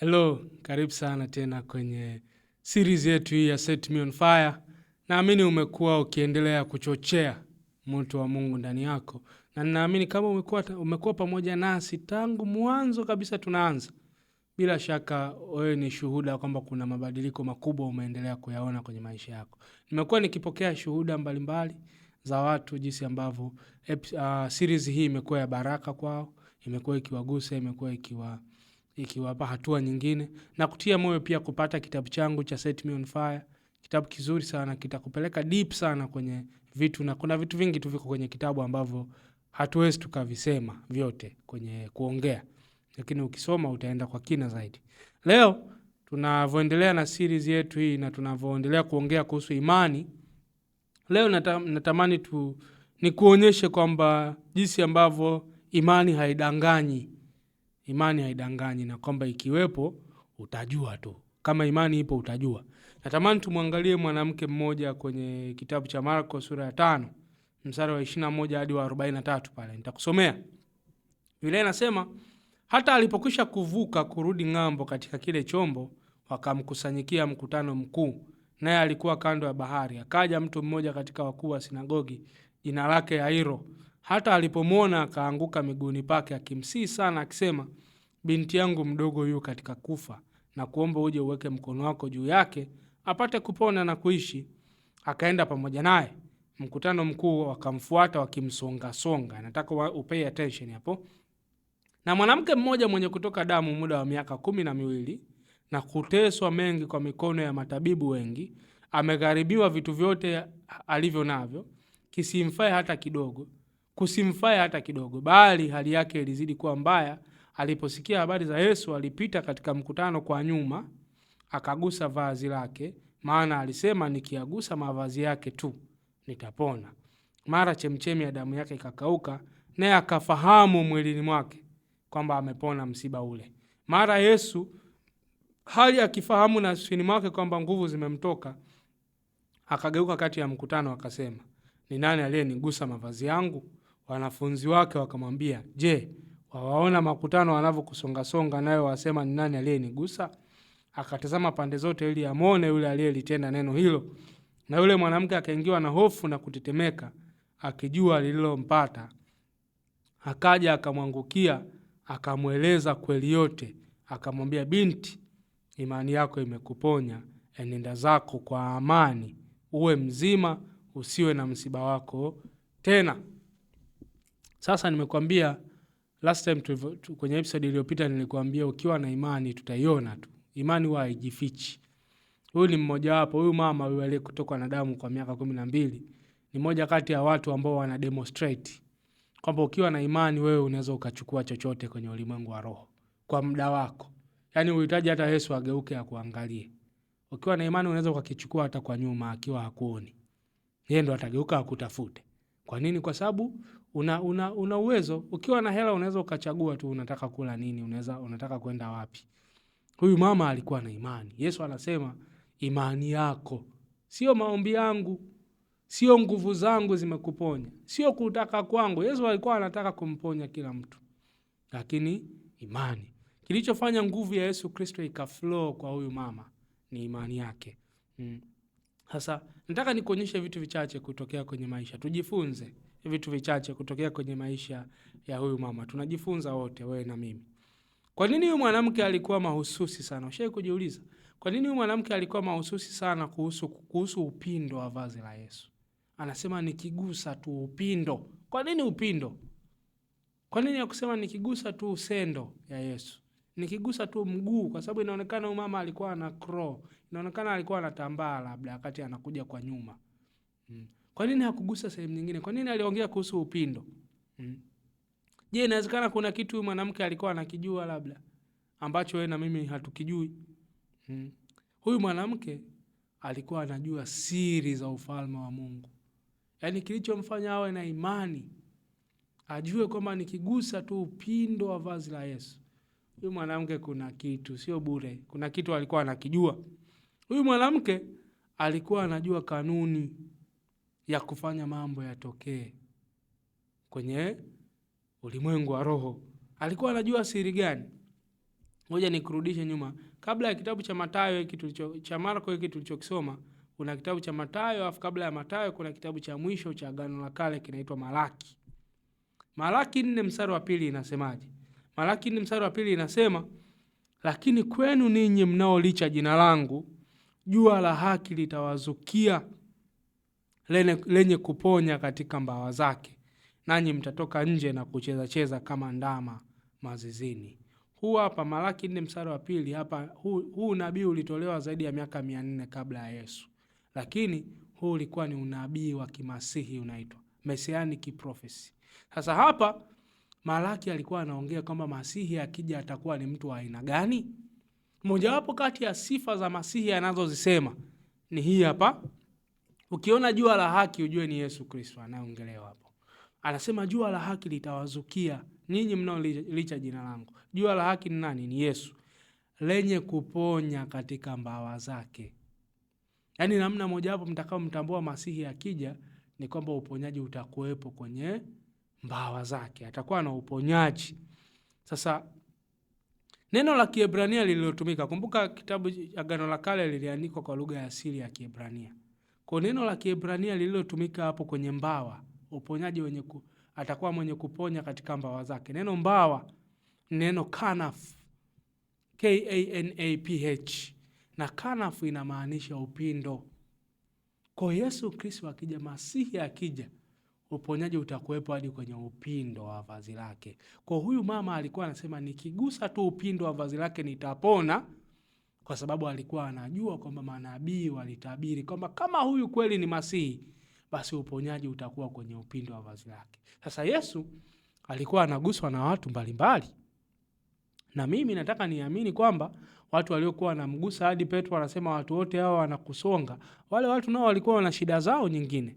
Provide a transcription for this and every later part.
Hello, karibu sana tena kwenye series yetu hii ya Set Me on Fire. Naamini umekuwa ukiendelea kuchochea moto wa Mungu ndani yako, na ninaamini kama umekuwa umekuwa pamoja nasi tangu mwanzo kabisa tunaanza, bila shaka wewe ni shuhuda kwamba kuna mabadiliko makubwa umeendelea kuyaona kwenye maisha yako. Nimekuwa nikipokea shuhuda mbalimbali mbali za watu jinsi ambavyo uh, series hii imekuwa ya baraka kwao, imekuwa ikiwagusa, imekuwa ikiwa ikiwapa hatua nyingine na kutia moyo pia kupata kitabu changu cha Set Me On Fire. Kitabu kizuri sana, kitakupeleka deep sana kwenye vitu, na kuna vitu vingi tu viko kwenye kitabu ambavyo hatuwezi tukavisema vyote kwenye kuongea, lakini ukisoma utaenda kwa kina zaidi. Leo tunavyoendelea na series yetu hii na tunavyoendelea kuongea kuhusu imani, leo natamani tu nikuonyeshe kwamba jinsi ambavyo imani haidanganyi imani haidanganyi na kwamba ikiwepo utajua tu, kama imani ipo utajua. Natamani tumwangalie mwanamke mmoja kwenye kitabu cha Marko sura ya tano msara wa ishirini na moja hadi wa arobaini na tatu pale nitakusomea. Biblia inasema hata alipokwisha kuvuka kurudi ng'ambo katika kile chombo, wakamkusanyikia mkutano mkuu, naye alikuwa kando ya bahari. Akaja mtu mmoja katika wakuu wa sinagogi, jina lake Yairo, hata alipomwona akaanguka miguuni pake akimsii sana akisema, binti yangu mdogo yu katika kufa, na kuomba uje uweke mkono wako juu yake apate kupona na kuishi. Akaenda pamoja naye. Mkutano mkuu wakamfuata wakimsongasonga. Nataka upay attention hapo. Na mwanamke mmoja mwenye kutoka damu muda wa miaka kumi na miwili na kuteswa mengi kwa mikono ya matabibu wengi, amegharibiwa vitu vyote alivyo navyo, kisimfae hata kidogo kusimfaya hata kidogo, bali hali yake ilizidi kuwa mbaya. Aliposikia habari za Yesu, alipita katika mkutano kwa nyuma, akagusa vazi lake, maana alisema, nikiagusa mavazi yake tu nitapona. Mara chemchemi ya damu yake ikakauka, naye akafahamu mwilini mwake kwamba amepona msiba ule. Mara Yesu hali akifahamu nafsini mwake kwamba nguvu zimemtoka, akageuka kati ya mkutano akasema, ni nani aliyenigusa mavazi yangu? Wanafunzi wake wakamwambia, Je, wawaona makutano wanavyokusongasonga nayo wasema ni nani aliyenigusa? Akatazama pande zote ili amwone yule aliyelitenda neno hilo. Na yule mwanamke akaingiwa na hofu na kutetemeka, akijua lililompata. Akaja akamwangukia, akamweleza kweli yote, akamwambia, binti, imani yako imekuponya, enenda zako kwa amani, uwe mzima, usiwe na msiba wako tena. Sasa nimekuambia last time kwenye episode iliyopita, nilikuambia ukiwa na imani tutaiona tu, imani huwa haijifichi. Huyu ni mmojawapo, huyu mama huyu aliyetokwa na damu kwa miaka kumi na mbili ni moja kati ya watu ambao wana demonstrate kwamba ukiwa na imani wewe unaweza ukachukua chochote kwenye ulimwengu wa roho kwa muda wako, yaani uhitaji hata Yesu ageuke akuangalie. Ukiwa na imani unaweza ukakichukua hata kwa nyuma, akiwa hakuoni, yeye ndo atageuka akutafute. Kwa nini? Kwa sababu una, una, una uwezo. Ukiwa na hela unaweza ukachagua tu unataka kula nini, unaweza unataka kwenda wapi. Huyu mama alikuwa na imani. Yesu anasema imani yako, sio maombi yangu, sio nguvu zangu zimekuponya, sio kutaka kwangu. Yesu alikuwa anataka kumponya kila mtu, lakini imani. Kilichofanya nguvu ya Yesu Kristo ikaflow kwa huyu mama ni imani yake. Hmm. Sasa hmm, nataka nikuonyeshe vitu vichache kutokea kwenye maisha tujifunze vitu vichache kutokea kwenye maisha ya huyu mama, tunajifunza wote, wewe na mimi. Kwa nini huyu mwanamke alikuwa mahususi sana? Ushawahi kujiuliza kwa nini huyu mwanamke alikuwa mahususi sana kuhusu, kuhusu upindo wa vazi la Yesu? Anasema nikigusa tu upindo. Kwa nini upindo? Kwa nini akusema nikigusa tu usendo ya Yesu, nikigusa tu mguu? Kwa sababu inaonekana huyu mama alikuwa ana crow, inaonekana alikuwa anatambaa labda wakati anakuja kwa nyuma hmm. Kwa nini hakugusa sehemu nyingine? Kwa nini aliongea kuhusu upindo? Mm. Je, inawezekana kuna kitu mwanamke alikuwa anakijua labda ambacho wewe na mimi hatukijui? Mm. Huyu mwanamke alikuwa anajua siri za ufalme wa Mungu. Yaani kilichomfanya awe na imani ajue kwamba nikigusa tu upindo wa vazi la Yesu, huyu mwanamke kuna kitu, sio bure, kuna kitu alikuwa anakijua. Huyu mwanamke alikuwa anajua kanuni ya kufanya mambo yatokee kwenye ulimwengu wa roho. Alikuwa anajua siri gani? Ngoja nikurudishe nyuma, kabla ya kitabu cha Mathayo hiki tulicho cha Marko hiki tulichokisoma, kuna kitabu cha Mathayo, afu kabla ya Mathayo kuna kitabu cha mwisho cha Agano la Kale kinaitwa Malaki. Malaki nne mstari wa pili inasemaje? Malaki nne mstari wa pili inasema, lakini kwenu ninyi mnaolicha jina langu, jua la haki litawazukia lenye, lenye kuponya katika mbawa zake, nanyi mtatoka nje na kuchezacheza kama ndama mazizini. Huu hapa Malaki nne mstari wa pili hapa, huu, huu nabii ulitolewa zaidi ya miaka mia nne kabla ya Yesu, lakini huu ulikuwa ni unabii wa kimasihi unaitwa messianic prophecy. Sasa hapa Malaki alikuwa anaongea kwamba masihi akija atakuwa ni mtu wa aina gani? Mojawapo kati ya sifa za masihi anazozisema ni hii hapa Ukiona jua la haki ujue ni Yesu Kristo anayeongelewa hapo. Anasema jua la haki litawazukia ninyi mnaolicha jina langu. Jua la haki ni nani? Ni Yesu lenye kuponya katika mbawa zake. Yaani, namna mojawapo mtakao mtambua Masihi akija ni kwamba uponyaji utakuwepo kwenye mbawa zake, atakuwa na uponyaji. Sasa neno la Kiebrania lililotumika, kumbuka kitabu Agano la Kale liliandikwa kwa lugha ya asili ya Kiebrania. Kwa neno la Kiebrania lililotumika hapo kwenye mbawa, uponyaji wenye ku, atakuwa mwenye kuponya katika mbawa zake. Neno mbawa, neno kanaf, K A N A P H, na kanaf inamaanisha upindo. Kwa Yesu Kristo akija, Masihi akija, uponyaji utakuwepo hadi kwenye upindo wa vazi lake. Kwa huyu mama alikuwa anasema nikigusa tu upindo wa vazi lake nitapona, kwa sababu alikuwa anajua kwamba manabii walitabiri kwamba kama huyu kweli ni Masihi, basi uponyaji utakuwa kwenye upindo wa vazi lake. Sasa Yesu alikuwa anaguswa na watu mbalimbali, mbali. na mimi nataka niamini kwamba watu waliokuwa wanamgusa hadi Petro anasema watu wote hawa wanakusonga, wale watu nao walikuwa wana shida zao nyingine,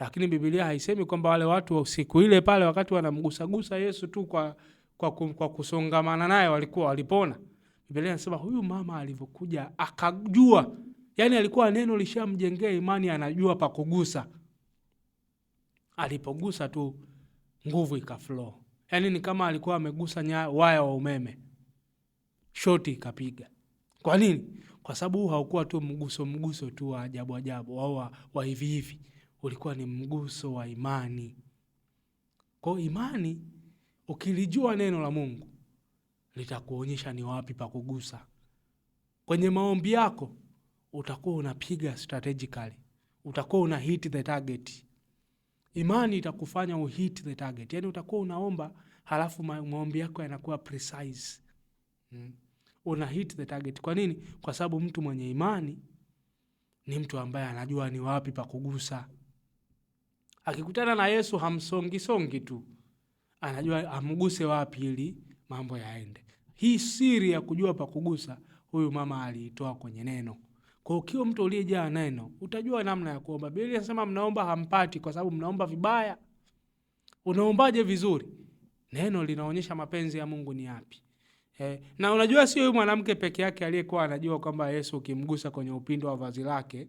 lakini Biblia haisemi kwamba wale watu wa usiku ile pale wakati wanamgusagusa Yesu tu kwa, kwa, kwa kusongamana naye walikuwa walipona Biblia inasema huyu mama alivyokuja akajua, yani alikuwa neno lishamjengea imani, anajua pa kugusa. Alipogusa tu nguvu ikaflow, yani ni kama alikuwa amegusa waya wa umeme, shoti ikapiga. Kwa nini? Kwa sababu huu haukuwa tu mguso mguso tu wa ajabu ajabu au wa hivi hivi, ulikuwa ni mguso wa imani. Kwa imani, ukilijua neno la Mungu litakuonyesha ni wapi pa kugusa. Kwenye maombi yako utakuwa unapiga strategically, utakuwa una hit the target. Imani itakufanya uhit the target, yani utakuwa unaomba halafu maombi yako yanakuwa precise hmm. Una hit the target. Kwa nini? Kwa sababu mtu mwenye imani ni mtu ambaye anajua ni wapi pa kugusa. Akikutana na Yesu hamsongi songi tu, anajua amguse wapi ili mambo yaende. Hii siri ya kujua pa kugusa huyu mama aliitoa kwenye neno. Kwa ukiwa mtu uliyejaa neno, utajua namna ya kuomba. Biblia inasema mnaomba hampati kwa sababu mnaomba vibaya. Unaombaje vizuri? Neno linaonyesha mapenzi ya Mungu ni yapi. Eh, na unajua sio huyu mwanamke peke yake aliyekuwa anajua kwamba Yesu ukimgusa kwenye upindo wa vazi lake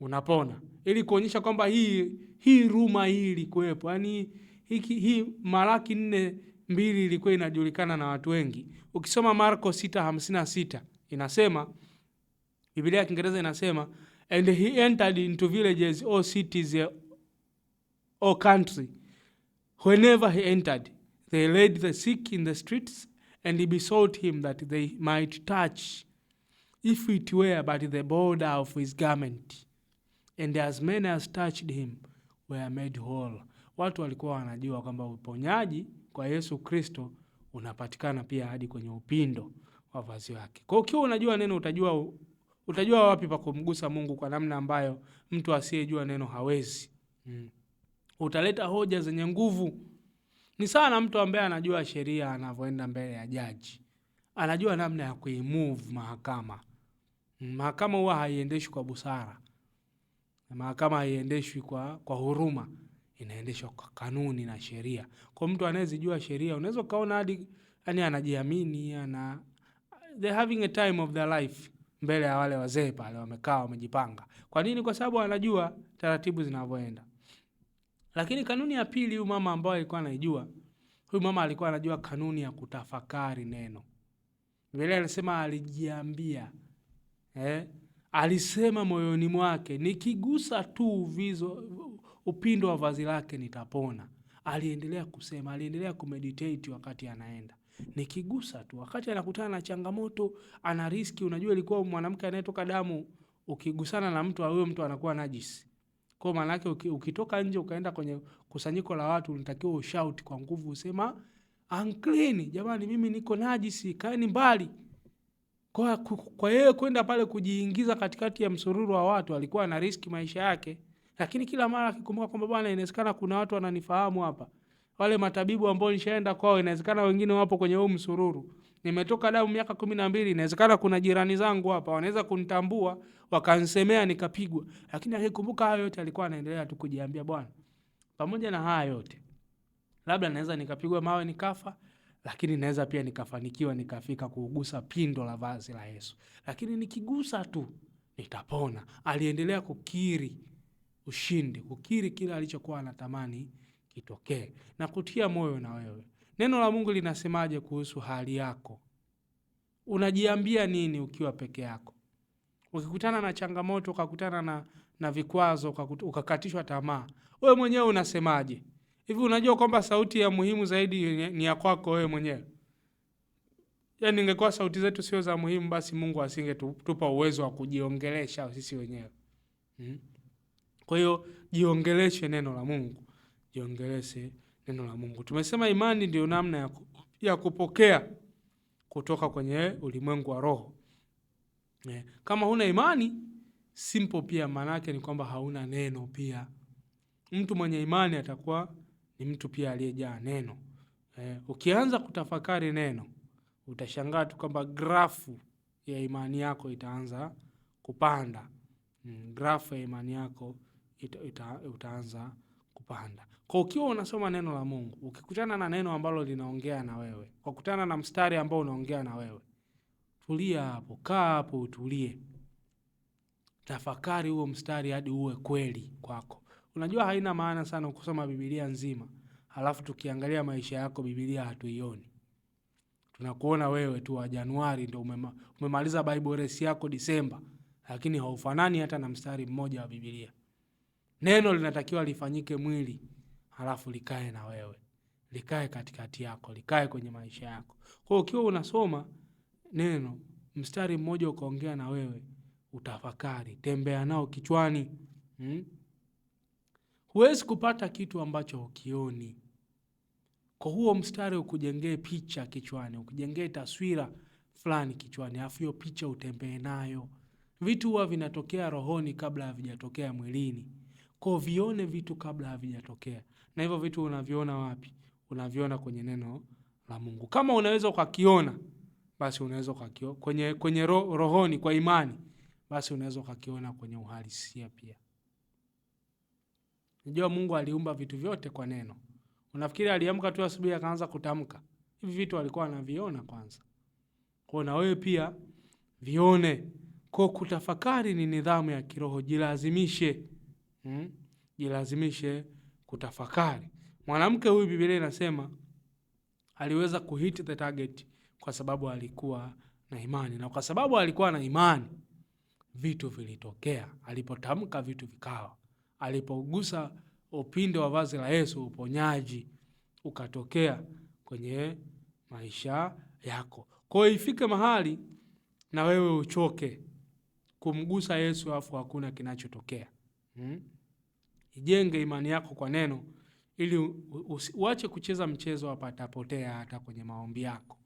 unapona, ili kuonyesha kwamba hii hii ruma hii ilikuwepo, yaani hii Malaki nne mbili ilikuwa inajulikana na watu wengi. Ukisoma Marko 6:56 inasema Biblia ya Kiingereza inasema and he entered into villages or cities or country whenever he entered they laid the sick in the streets and he besought him that they might touch if it were but the border of his garment and as many as touched him were made whole. Watu walikuwa wanajua kwamba uponyaji kwa Yesu Kristo unapatikana pia hadi kwenye upindo wa vazi wake. Kwa hiyo ukiwa unajua neno utajua, utajua wapi pa kumgusa Mungu kwa namna ambayo mtu asiyejua neno hawezi. Mm. Utaleta hoja zenye nguvu. Ni sana mtu ambaye anajua sheria anavyoenda mbele ya jaji, anajua namna ya kuimove mahakama. Mm, mahakama huwa haiendeshwi kwa busara, mahakama haiendeshwi kwa, kwa huruma inaendeshwa kwa kanuni na sheria. Kwa mtu anayezijua sheria, unaweza ukaona hadi yani anajiamini, ana they having a time of their life mbele ya wale wazee pale wamekaa wamejipanga. Kwa nini? Kwa sababu anajua taratibu zinavyoenda. Lakini kanuni ya pili, huyu mama ambaye alikuwa anaijua, huyu mama alikuwa anajua kanuni ya kutafakari neno. Biblia anasema alijiambia, eh, alisema moyoni mwake nikigusa tu vizo upindo wa vazi lake nitapona. Aliendelea kusema, aliendelea kumeditate wakati anaenda nikigusa tu, wakati anakutana na changamoto ana riski. Unajua, ilikuwa mwanamke anayetoka damu, ukigusana na mtu huyo mtu anakuwa najisi. Kwa maana yake ukitoka nje ukaenda kwenye kusanyiko la watu, unatakiwa ushout kwa nguvu, usema unclean, jamani, mimi niko najisi, kaeni mbali. Kwa kwa yeye kwenda pale kujiingiza katikati ya msururu wa watu, alikuwa ana riski maisha yake. Lakini kila mara akikumbuka kwamba bwana, inawezekana kuna watu wananifahamu hapa, wale matabibu ambao nishaenda kwao, inawezekana wengine wapo kwenye huu msururu. Nimetoka damu miaka kumi na mbili, inawezekana kuna jirani zangu hapa wanaweza kunitambua wakansemea nikapigwa. Lakini akikumbuka hayo yote, alikuwa anaendelea tu kujiambia, bwana, pamoja na haya yote labda naweza nikapigwa mawe nikafa, lakini naweza pia nikafanikiwa nikafika kugusa pindo la vazi la Yesu, lakini nikigusa tu nitapona. Aliendelea kukiri ushindi, ukiri kila alichokuwa anatamani kitokee, na kutia moyo na wewe. Neno la Mungu linasemaje kuhusu hali yako? Unajiambia nini ukiwa peke yako? Ukikutana na changamoto, ukakutana na, na vikwazo, ukakatishwa tamaa, wewe mwenyewe unasemaje? Hivi unajua kwamba sauti ya muhimu zaidi ni ya kwako wewe mwenyewe? Yaani, ingekuwa sauti zetu sio za muhimu, basi Mungu asingetupa uwezo wa kujiongelesha sisi wenyewe hmm? Kwa hiyo jiongeleshe neno la Mungu, jiongeleshe neno la Mungu. Tumesema imani ndiyo namna ya, ya kupokea kutoka kwenye ulimwengu wa roho. Eh, kama huna imani simple, pia maana ni kwamba hauna neno pia. Mtu mwenye imani atakuwa ni mtu pia aliyejaa neno. Eh, ukianza kutafakari neno utashangaa tu kwamba grafu ya imani yako itaanza kupanda. Mm, grafu ya imani yako ita, ita, utaanza kupanda. Kwa ukiwa unasoma neno la Mungu, ukikutana na neno ambalo linaongea na wewe, kwa na mstari ambao unaongea na wewe, tulia hapo, kaa hapo, utulie, tafakari huo mstari hadi uwe kweli kwako. Unajua haina maana sana kusoma Biblia nzima halafu tukiangalia maisha yako Biblia hatuioni, tunakuona wewe tu wa Januari ndo umema, umemaliza Bible race yako Disemba, lakini haufanani hata na mstari mmoja wa Biblia. Neno linatakiwa lifanyike mwili, halafu likae na wewe, likae katikati yako, likae kwenye maisha yako. Kwa ukiwa unasoma neno, mstari mmoja ukaongea na wewe, utafakari, tembea nao kichwani hmm? Huwezi kupata kitu ambacho ukioni Kwa huo mstari ukujengee picha kichwani, ukujengee taswira fulani kichwani, alafu hiyo picha utembee nayo. Vitu huwa vinatokea rohoni kabla havijatokea mwilini. Kwa vione vitu kabla havijatokea, na hivyo vitu unaviona wapi? Unaviona kwenye neno la Mungu. Kama unaweza ukakiona, basi unaweza ukakiona kwenye, kwenye ro, rohoni kwa imani, basi unaweza ukakiona kwenye uhalisia pia. Unajua Mungu aliumba vitu vyote kwa neno. Unafikiri aliamka tu asubuhi akaanza kutamka? Hivi vitu alikuwa anaviona kwanza. Kwa na wewe pia vione. Kwa kutafakari ni nidhamu ya kiroho, jilazimishe hmm? Jilazimishe kutafakari. Mwanamke huyu Biblia inasema aliweza kuhit the target kwa sababu alikuwa na imani, na kwa sababu alikuwa na imani vitu vilitokea. Alipotamka vitu vikawa, alipogusa upinde wa vazi la Yesu uponyaji ukatokea kwenye maisha yako. Kwa hiyo ifike mahali na wewe uchoke kumgusa Yesu afu hakuna kinachotokea. Hmm? Ijenge imani yako kwa neno ili uache kucheza mchezo hapa atapotea hata kwenye maombi yako.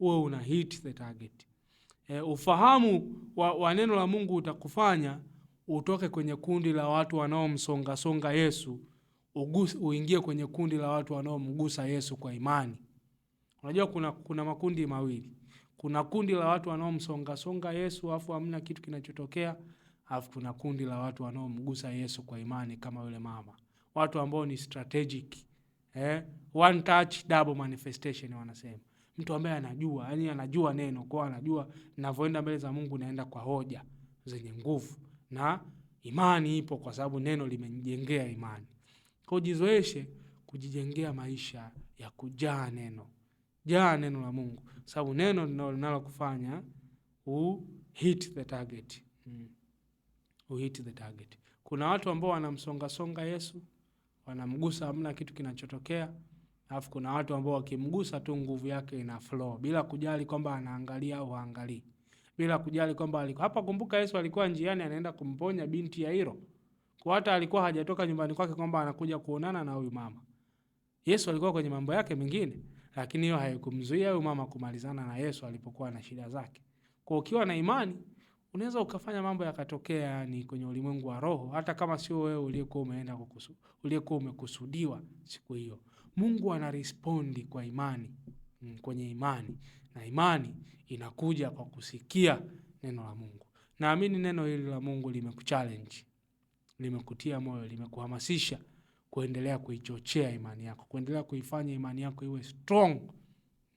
Uwe una hit the target. E, ufahamu wa, wa neno la Mungu utakufanya utoke kwenye kundi la watu wanaomsonga songa Yesu uingie kwenye kundi la watu wanaomgusa Yesu kwa imani. Unajua kuna, kuna makundi mawili. Kuna kundi la watu wanaomsonga songa Yesu afu hamna kitu kinachotokea alafu kuna kundi la watu wanaomgusa Yesu kwa imani kama yule mama, watu ambao ni strategic eh? One touch double manifestation wanasema, mtu ambaye anajua yani anajua neno kwa anajua ninavyoenda mbele za Mungu, naenda kwa hoja zenye nguvu na imani ipo, kwa sababu neno limenijengea imani. Kwa jizoeshe kujijengea maisha ya kujaa neno, jaa neno la Mungu, sababu neno linalokufanya u hit the target mm who hit the target. Kuna watu ambao wanamsongasonga Yesu, wanamgusa, hamna kitu kinachotokea. Alafu kuna watu ambao wakimgusa tu nguvu yake ina flow bila kujali kwamba anaangalia au haangalii, bila kujali kwamba aliko hapa. Kumbuka Yesu alikuwa njiani anaenda kumponya binti Yairo, kwa hata alikuwa hajatoka nyumbani kwake kwamba anakuja kuonana na huyu mama. Yesu alikuwa kwenye mambo yake mengine, lakini hiyo haikumzuia huyu mama kumalizana na Yesu alipokuwa na shida zake. Kwa ukiwa na imani unaweza ukafanya mambo yakatokea yani kwenye ulimwengu wa roho, hata kama sio wewe uliyekuwa umeenda kukusu, uliyekuwa umekusudiwa siku hiyo. Mungu anarespondi kwa imani mm, kwenye imani na imani inakuja kwa kusikia neno la Mungu. Naamini neno hili la Mungu limekuchallenge, limekutia moyo, limekuhamasisha kuendelea kuichochea imani yako, kuendelea kuifanya imani yako iwe strong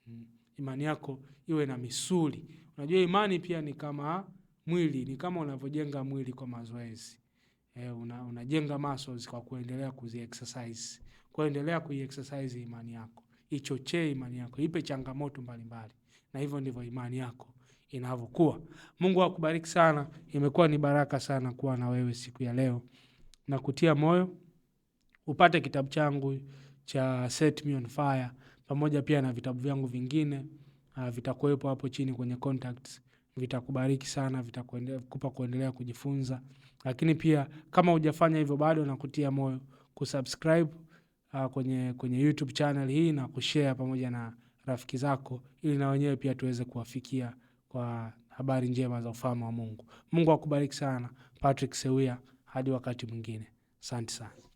mm, imani yako iwe na misuli. Unajua imani pia ni kama mwili ni kama unavyojenga mwili kwa mazoezi. E, una, unajenga muscles kwa kuendelea kuzi exercise. Kuendelea kui exercise imani yako. Ichochee imani yako, ipe changamoto mbalimbali. Na hivyo ndivyo imani yako inavyokuwa. Mungu akubariki sana. Imekuwa ni baraka sana kuwa na wewe siku ya leo. Na kutia moyo upate kitabu changu cha Set Me on Fire pamoja pia na vitabu vyangu vingine uh, vitakuwepo hapo chini kwenye contacts vitakubariki sana, vitakupa kuendelea kujifunza. Lakini pia kama hujafanya hivyo bado, nakutia moyo kusubscribe uh, kwenye, kwenye YouTube channel hii na kushare pamoja na rafiki zako, ili na wenyewe pia tuweze kuwafikia kwa habari njema za ufalme wa Mungu. Mungu akubariki sana. Patrick Sewia, hadi wakati mwingine, asante sana.